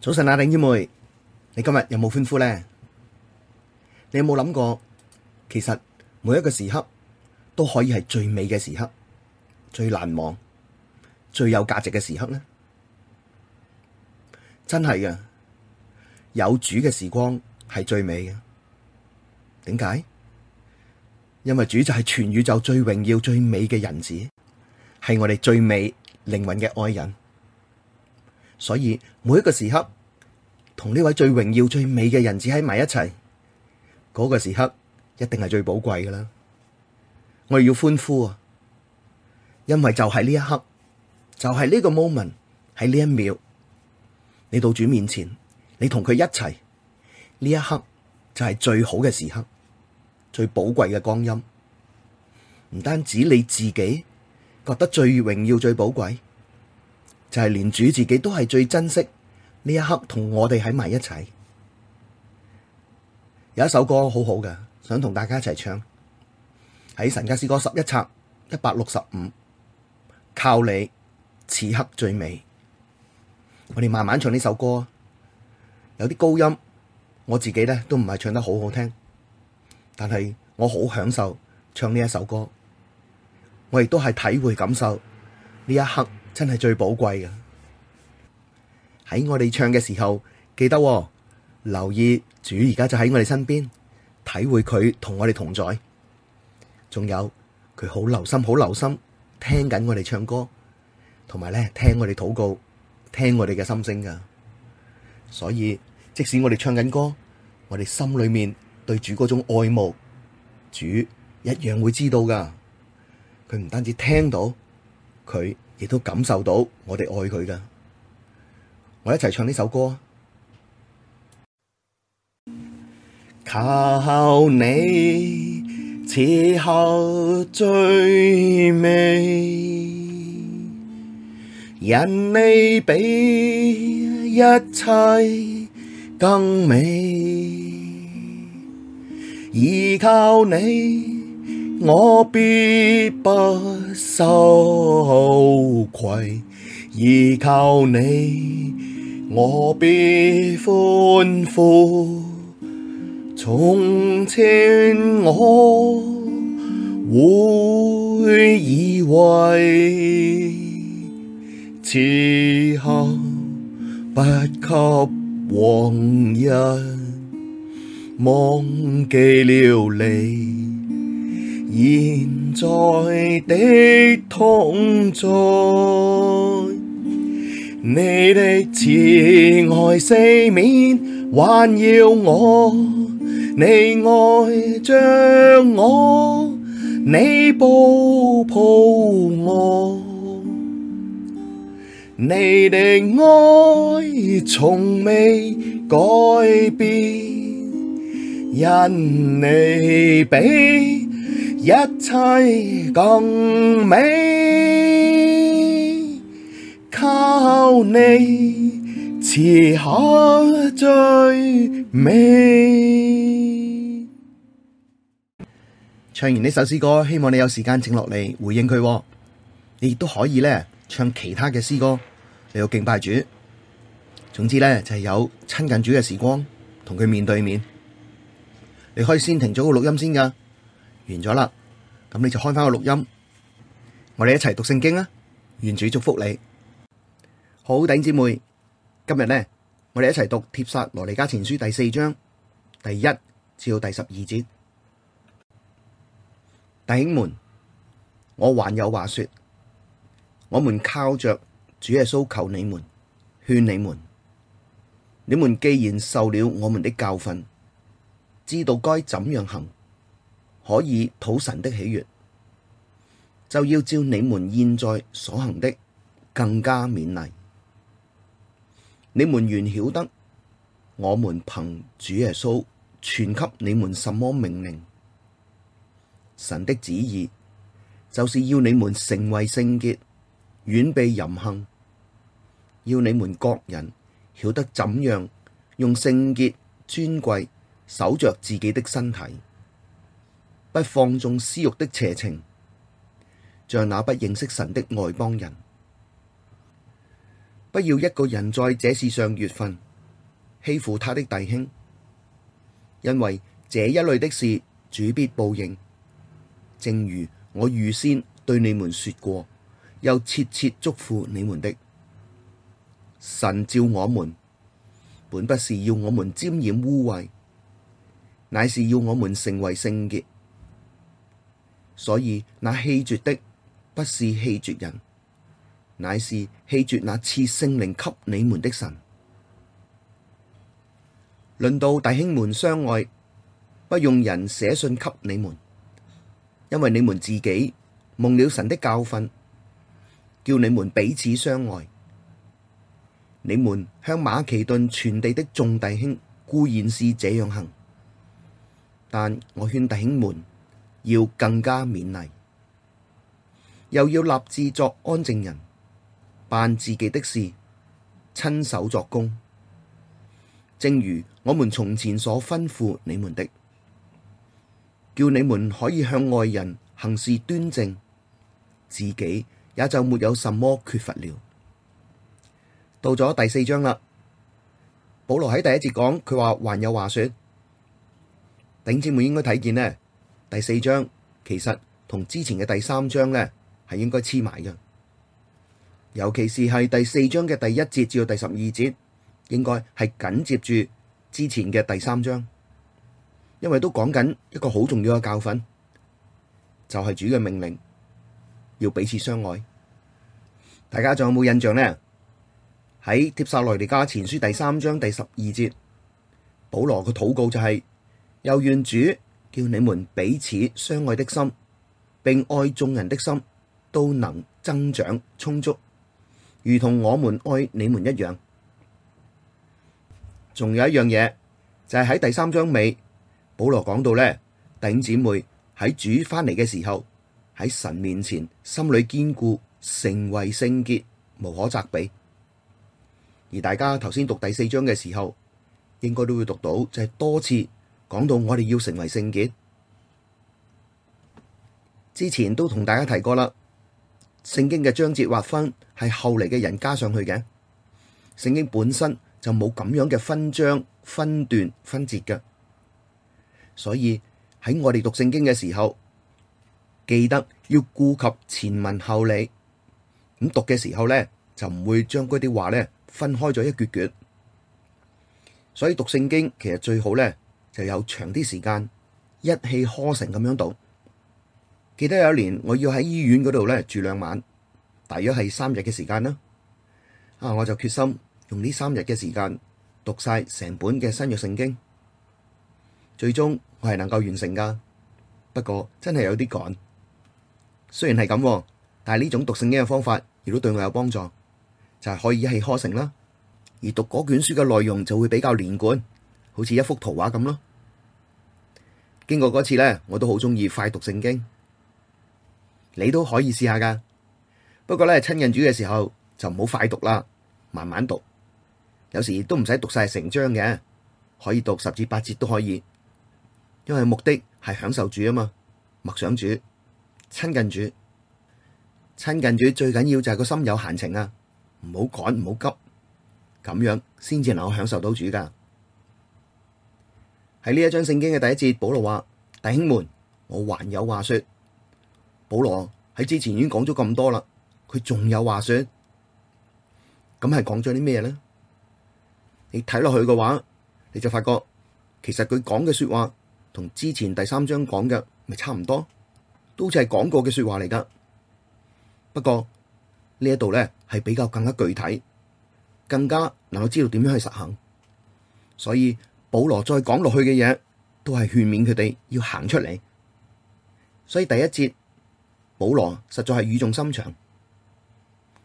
早晨啊，頂煙妹，你今日有冇歡呼咧？你有冇諗過，其實每一個時刻都可以係最美嘅時刻，最難忘、最有價值嘅時刻咧？真係㗎，有主嘅時光係最美嘅。點解？因為主就係全宇宙最榮耀、最美嘅人子，係我哋最美靈魂嘅愛人。所以每一個時刻同呢位最榮耀，最美嘅人子喺埋一齊，嗰、那個時刻一定係最寶貴噶啦！我哋要歡呼啊！因為就係呢一刻，就係、是、呢個 moment 喺呢一秒，你到主面前，你同佢一齊，呢一刻就係最好嘅時刻，最寶貴嘅光陰。唔單止你自己覺得最榮耀、最寶貴。就係連主自己都係最珍惜呢一刻同我哋喺埋一齊。有一首歌好好嘅，想同大家一齊唱。喺《神家詩歌》十一冊一百六十五，靠你此刻最美。我哋慢慢唱呢首歌，有啲高音，我自己咧都唔係唱得好好聽，但係我好享受唱呢一首歌。我亦都係體會感受呢一刻。真係最寶貴嘅。喺我哋唱嘅時候，記得、哦、留意主而家就喺我哋身邊，體會佢同我哋同在。仲有佢好留心，好留心聽緊我哋唱歌，同埋咧聽我哋禱告，聽我哋嘅心聲噶。所以即使我哋唱緊歌，我哋心裏面對主嗰種愛慕，主一樣會知道噶。佢唔單止聽到佢。亦都感受到我哋愛佢噶，我哋一齊唱呢首歌啊！靠你，此刻最美，因你比一切更美，倚靠你。我必不羞愧，倚靠你，我必歡呼。從前我會以為，此刻不及往日，忘記了你。現在的同在，你的慈愛四面環繞我，你愛着我，你保抱我，你的愛從未改變，因你比。一切更美，靠你此刻最美。唱完呢首詩歌，希望你有時間靜落嚟，回應佢。你亦都可以咧唱其他嘅詩歌嚟到敬拜主。總之咧就係、是、有親近主嘅時光，同佢面對面。你可以先停咗個錄音先噶。完咗啦，咁你就開翻個錄音，我哋一齊讀聖經啊！願主祝福你，好，頂姊妹。今日呢，我哋一齊讀帖撒羅尼迦前書第四章第一至到第十二節。弟兄們，我還有話說，我們靠着主耶穌求你們，勸你們，你們既然受了我們的教訓，知道該怎樣行。可以討神的喜悅，就要照你們現在所行的更加勉勵。你們原曉得，我們憑主耶穌傳給你們什麼命令。神的旨意，就是要你們成為聖潔，遠避淫行。要你們各人曉得怎樣用聖潔、尊貴守着自己的身體。不放縱私慾的邪情，像那不認識神的外邦人。不要一個人在這事上越分，欺負他的弟兄，因為這一類的事，主必報應。正如我預先對你們說過，又切切囑咐你們的，神召我們本不是要我們沾染污穢，乃是要我們成為聖潔。所以那棄絕的，不是棄絕人，乃是棄絕那賜聖靈給你們的神。論到弟兄們相愛，不用人寫信給你們，因為你們自己蒙了神的教訓，叫你們彼此相愛。你們向馬其頓全地的眾弟兄固然是這樣行，但我勸弟兄們要更加勉勵，又要立志作安靜人，辦自己的事，親手作工。正如我們從前所吩咐你們的，叫你們可以向外人行事端正，自己也就沒有什麼缺乏了。到咗第四章啦，保羅喺第一節講，佢話還有話說，頂姊妹應該睇見呢。第四章其實同之前嘅第三章呢係應該黐埋嘅，尤其是係第四章嘅第一節至到第十二節，應該係緊接住之前嘅第三章，因為都講緊一個好重要嘅教訓，就係主嘅命令要彼此相愛。大家仲有冇印象呢？喺帖撒羅尼迦前書第三章第十二節，保羅嘅禱告就係又願主。叫你們彼此相愛的心，並愛眾人的心都能增長充足，如同我們愛你們一樣。仲有一樣嘢就係、是、喺第三章尾，保羅講到咧，弟兄姊妹喺主翻嚟嘅時候喺神面前心裏堅固，成為聖潔，無可責備。而大家頭先讀第四章嘅時候，應該都會讀到就係多次。講到我哋要成為聖潔，之前都同大家提過啦。聖經嘅章節劃分係後嚟嘅人加上去嘅，聖經本身就冇咁樣嘅分章、分段、分節嘅。所以喺我哋讀聖經嘅時候，記得要顧及前文後理。咁讀嘅時候呢，就唔會將嗰啲話呢分開咗一橛橛。所以讀聖經其實最好呢。就有長啲時間一氣呵成咁樣讀。記得有一年我要喺醫院嗰度咧住兩晚，大約係三日嘅時間啦。啊，我就決心用呢三日嘅時間讀晒成本嘅新約聖經。最終我係能夠完成㗎，不過真係有啲趕。雖然係咁，但係呢種讀聖經嘅方法亦都對我有幫助，就係可以一氣呵成啦。而讀嗰卷書嘅內容就會比較連貫。好似一幅圖畫咁咯。經過嗰次咧，我都好鍾意快讀聖經，你都可以試下噶。不過咧，親近主嘅時候就唔好快讀啦，慢慢讀。有時都唔使讀晒成章嘅，可以讀十至八節都可以。因為目的係享受主啊嘛，默想主、親近主、親近主最緊要就係個心有閒情啊，唔好趕，唔好急，咁樣先至能夠享受到主噶。喺呢一章聖經嘅第一節，保羅話：弟兄們，我還有話說。保羅喺之前已經講咗咁多啦，佢仲有話說，咁係講咗啲咩咧？你睇落去嘅話，你就發覺其實佢講嘅說話同之前第三章講嘅咪差唔多，都似係講過嘅說話嚟噶。不過呢一度咧係比較更加具體，更加能夠知道點樣去實行，所以。保羅再講落去嘅嘢，都係勸勉佢哋要行出嚟。所以第一節，保羅實在係語重心長，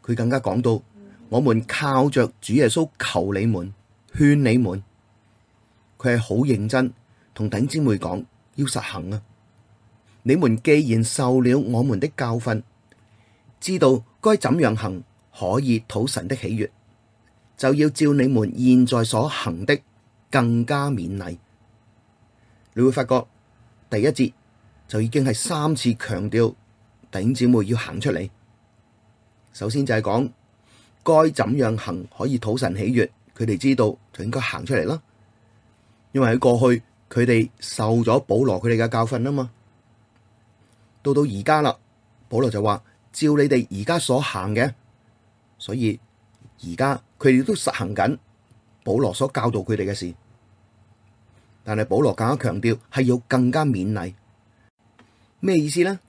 佢更加講到：我們靠着主耶穌求你們，勸你們，佢係好認真同頂姊妹講要實行啊！你們既然受了我們的教訓，知道該怎樣行可以討神的喜悅，就要照你們現在所行的，更加勉勵，你會發覺第一節就已經係三次強調弟兄姊妹要行出嚟。首先就係講該怎樣行可以討神喜悦，佢哋知道就應該行出嚟啦。因為喺過去佢哋受咗保羅佢哋嘅教訓啊嘛，到到而家啦，保羅就話照你哋而家所行嘅，所以而家佢哋都實行緊。保羅所教導佢哋嘅事，但係保羅更加強調係要更加勉勵，咩意思呢？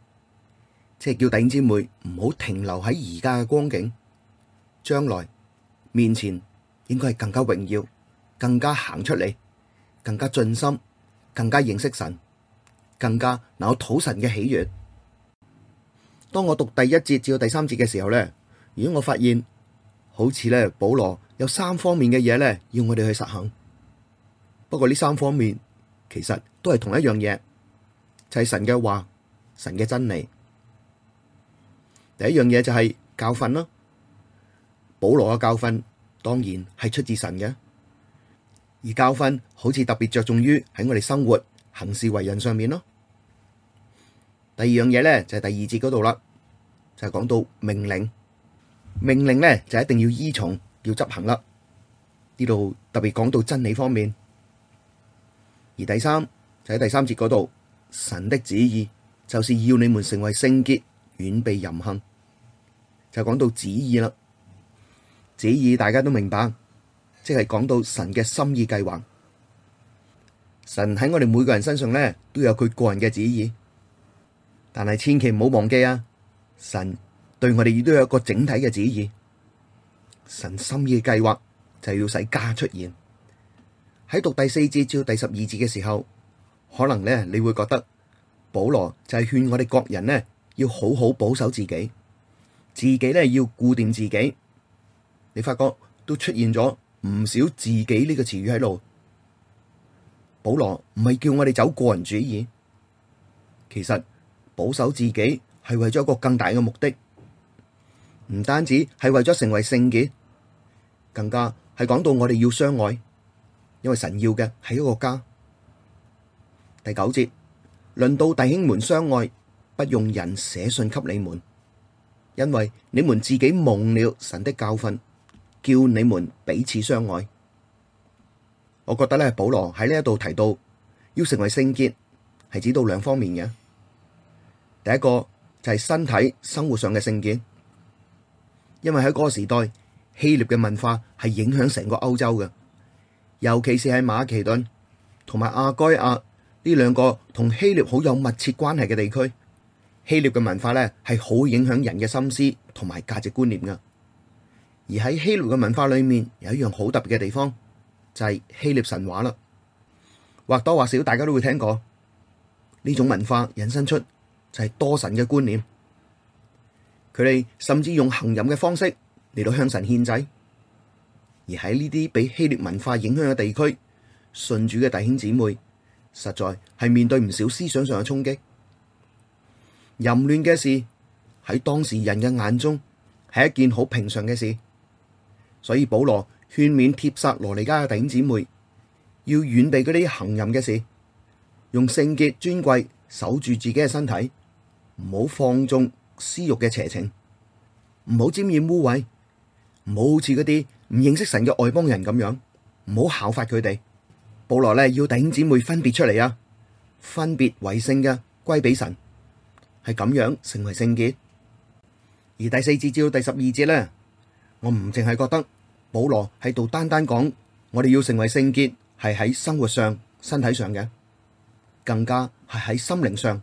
即係叫弟兄姊妹唔好停留喺而家嘅光景，將來面前應該係更加榮耀，更加行出嚟，更加盡心，更加認識神，更加能夠討神嘅喜悅。當我讀第一節至到第三節嘅時候咧，如果我發現，好似咧，保羅有三方面嘅嘢咧，要我哋去實行。不過呢三方面其實都係同一樣嘢，就係神嘅話、神嘅真理。第一樣嘢就係教訓咯。保羅嘅教訓當然係出自神嘅，而教訓好似特別着重於喺我哋生活、行事為人上面咯。第二樣嘢咧就係第二節嗰度啦，就係講到命令。命令呢，就一定要依從，要執行啦。呢度特別講到真理方面，而第三就喺第三節嗰度，神的旨意就是要你們成為聖潔，遠避淫行，就講到旨意啦。旨意大家都明白，即係講到神嘅心意計劃。神喺我哋每個人身上呢，都有佢個人嘅旨意，但係千祈唔好忘記啊，神。對我哋亦都有一個整體嘅旨意，神心意嘅計劃就要使家出現。喺讀第四節至到第十二節嘅時候，可能咧你會覺得保羅就係勸我哋各人咧要好好保守自己，自己咧要固定自己。你發覺都出現咗唔少自己呢個詞語喺度。保羅唔係叫我哋走個人主義，其實保守自己係為咗一個更大嘅目的。唔單止係為咗成為聖潔，更加係講到我哋要相愛，因為神要嘅係一個家。第九節，論到弟兄們相愛，不用人寫信給你們，因為你們自己蒙了神的教訓，叫你們彼此相愛。我覺得咧，保羅喺呢一度提到要成為聖潔，係指到兩方面嘅，第一個就係、是、身體生活上嘅聖潔。因為喺嗰個時代，希臘嘅文化係影響成個歐洲嘅，尤其是喺馬其頓同埋亞該亞呢兩個同希臘好有密切關係嘅地區，希臘嘅文化咧係好影響人嘅心思同埋價值觀念噶。而喺希臘嘅文化裏面，有一樣好特別嘅地方，就係希臘神話啦。或多或少，大家都會聽過呢種文化，引申出就係多神嘅觀念。佢哋甚至用行淫嘅方式嚟到向神獻祭，而喺呢啲被希臘文化影響嘅地區，信主嘅弟兄姊妹實在係面對唔少思想上嘅衝擊。淫亂嘅事喺當時人嘅眼中係一件好平常嘅事，所以保羅勸勉帖撒羅尼迦嘅弟兄姊妹要遠避嗰啲行淫嘅事，用聖潔尊貴守住自己嘅身體，唔好放縱私欲嘅邪情，唔好沾染污穢，唔好好似嗰啲唔認識神嘅外邦人咁樣，唔好效法佢哋。保羅咧，要弟兄姊妹分別出嚟啊，分別為聖嘅歸俾神，係咁樣成為聖潔。而第四節至到第十二節咧，我唔淨係覺得保羅喺度單單講，我哋要成為聖潔係喺生活上、身體上嘅，更加係喺心靈上。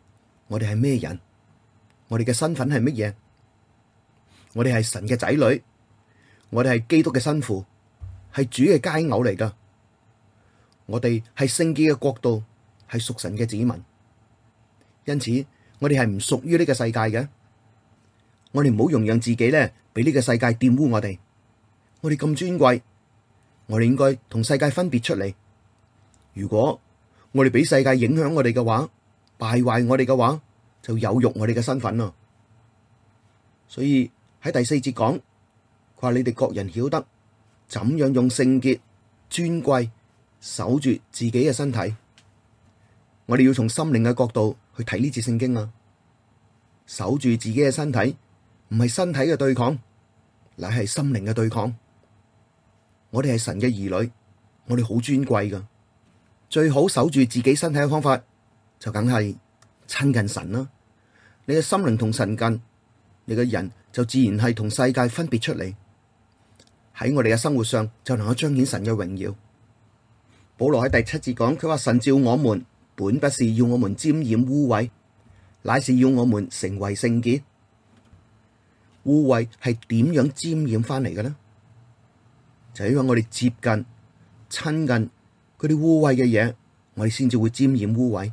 我哋係咩人？我哋嘅身份係乜嘢？我哋係神嘅仔女，我哋係基督嘅新婦，係主嘅佳偶嚟噶。我哋係聖潔嘅國度，係屬神嘅子民。因此，我哋係唔屬於呢個世界嘅。我哋唔好容讓自己咧，俾呢個世界玷污我哋。我哋咁尊貴，我哋應該同世界分別出嚟。如果我哋俾世界影響我哋嘅話，敗壞我哋嘅話，就有辱我哋嘅身份咯。所以喺第四節講，佢話，你哋各人曉得怎樣用聖潔、尊貴守住自己嘅身體。我哋要從心靈嘅角度去睇呢節聖經啊！守住自己嘅身體，唔係身體嘅對抗，乃係心靈嘅對抗。我哋係神嘅兒女，我哋好尊貴㗎。最好守住自己身體嘅方法。就梗係親近神啦。你嘅心靈同神近，你嘅人就自然係同世界分別出嚟，喺我哋嘅生活上就能夠彰顯神嘅榮耀。保羅喺第七節講，佢話神召我們本不是要我們沾染污穢，乃是要我們成為聖潔。污穢係點樣沾染翻嚟嘅呢？就係因為我哋接近親近啲污穢嘅嘢，我哋先至會沾染污穢。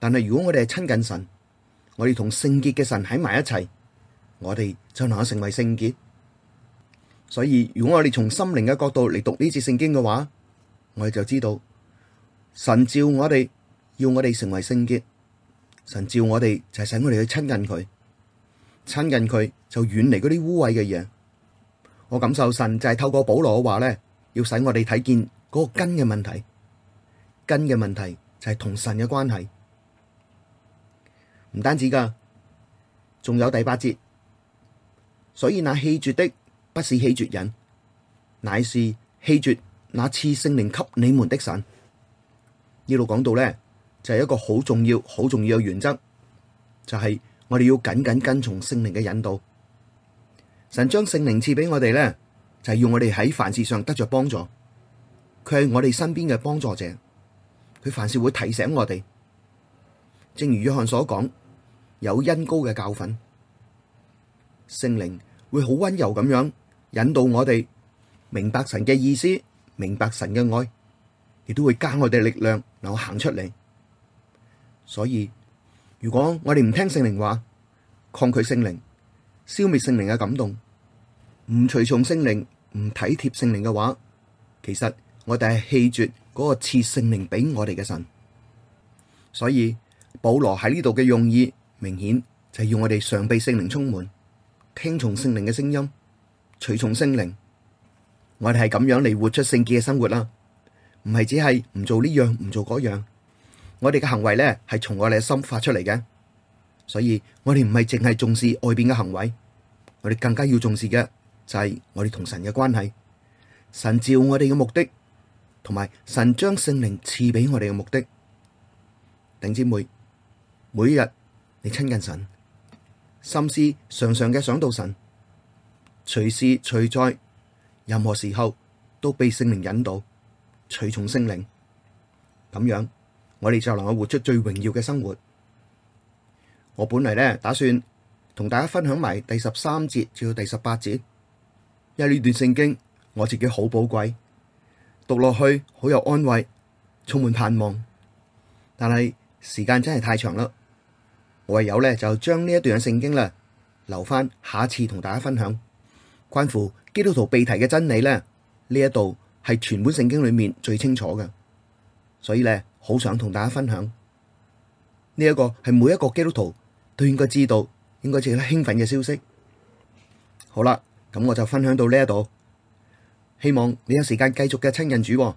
但係如果我哋係親近神，我哋同聖潔嘅神喺埋一齊，我哋就能夠成為聖潔。所以如果我哋從心靈嘅角度嚟讀呢次聖經嘅話，我哋就知道神召我哋要我哋成為聖潔，神召我哋就係使我哋去親近佢，親近佢就遠離嗰啲污穢嘅嘢。我感受神就係透過保羅嘅話咧，要使我哋睇見嗰個根嘅問題，根嘅問題就係同神嘅關係。唔單止噶，仲有第八節，所以那棄絕的不是棄絕人，乃是棄絕那賜聖靈給你們的神。呢度講到呢，就係、是、一個好重要、好重要嘅原則，就係、是、我哋要緊緊跟從聖靈嘅引導。神將聖靈賜俾我哋呢，就係、是、要我哋喺凡事上得着幫助，佢係我哋身邊嘅幫助者，佢凡事會提醒我哋。正如約翰所講。有恩膏嘅教訓，聖靈會好溫柔咁樣引導我哋明白神嘅意思，明白神嘅愛，亦都會加我哋力量嗱，我行出嚟。所以如果我哋唔聽聖靈話，抗拒聖靈，消滅聖靈嘅感動，唔隨從聖靈，唔體貼聖靈嘅話，其實我哋係棄絕嗰個賜聖靈俾我哋嘅神。所以保羅喺呢度嘅用意。明顯就係要我哋常被聖靈充滿，聽從聖靈嘅聲音，隨從聖靈。我哋係咁樣嚟活出聖潔嘅生活啦，唔係只係唔做呢樣，唔做嗰樣。我哋嘅行為咧係從我哋嘅心發出嚟嘅，所以我哋唔係淨係重視外邊嘅行為，我哋更加要重視嘅就係我哋同神嘅關係。神召我哋嘅目的，同埋神將聖靈賜俾我哋嘅目的。頂姐妹，每一日。你親近神，心思常常嘅想到神，隨時隨在，任何時候都被聖靈引導，取從聖靈。咁樣，我哋就能夠活出最榮耀嘅生活。我本嚟咧打算同大家分享埋第十三節至到第十八節，因為呢段聖經，我自己好寶貴，讀落去好有安慰，充滿盼望。但係時間真係太長啦。唯有咧，就將呢一段嘅聖經啦，留翻下次同大家分享，關乎基督徒被提嘅真理咧。呢一度係全本聖經裏面最清楚嘅，所以咧好想同大家分享呢一個係每一個基督徒都應該知道、應該值得興奮嘅消息。好啦，咁我就分享到呢一度，希望你有時間繼續嘅親近主，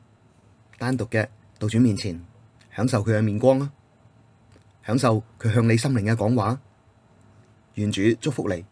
單獨嘅到主面前享受佢嘅面光啦。享受佢向你心靈嘅講話，願主祝福你。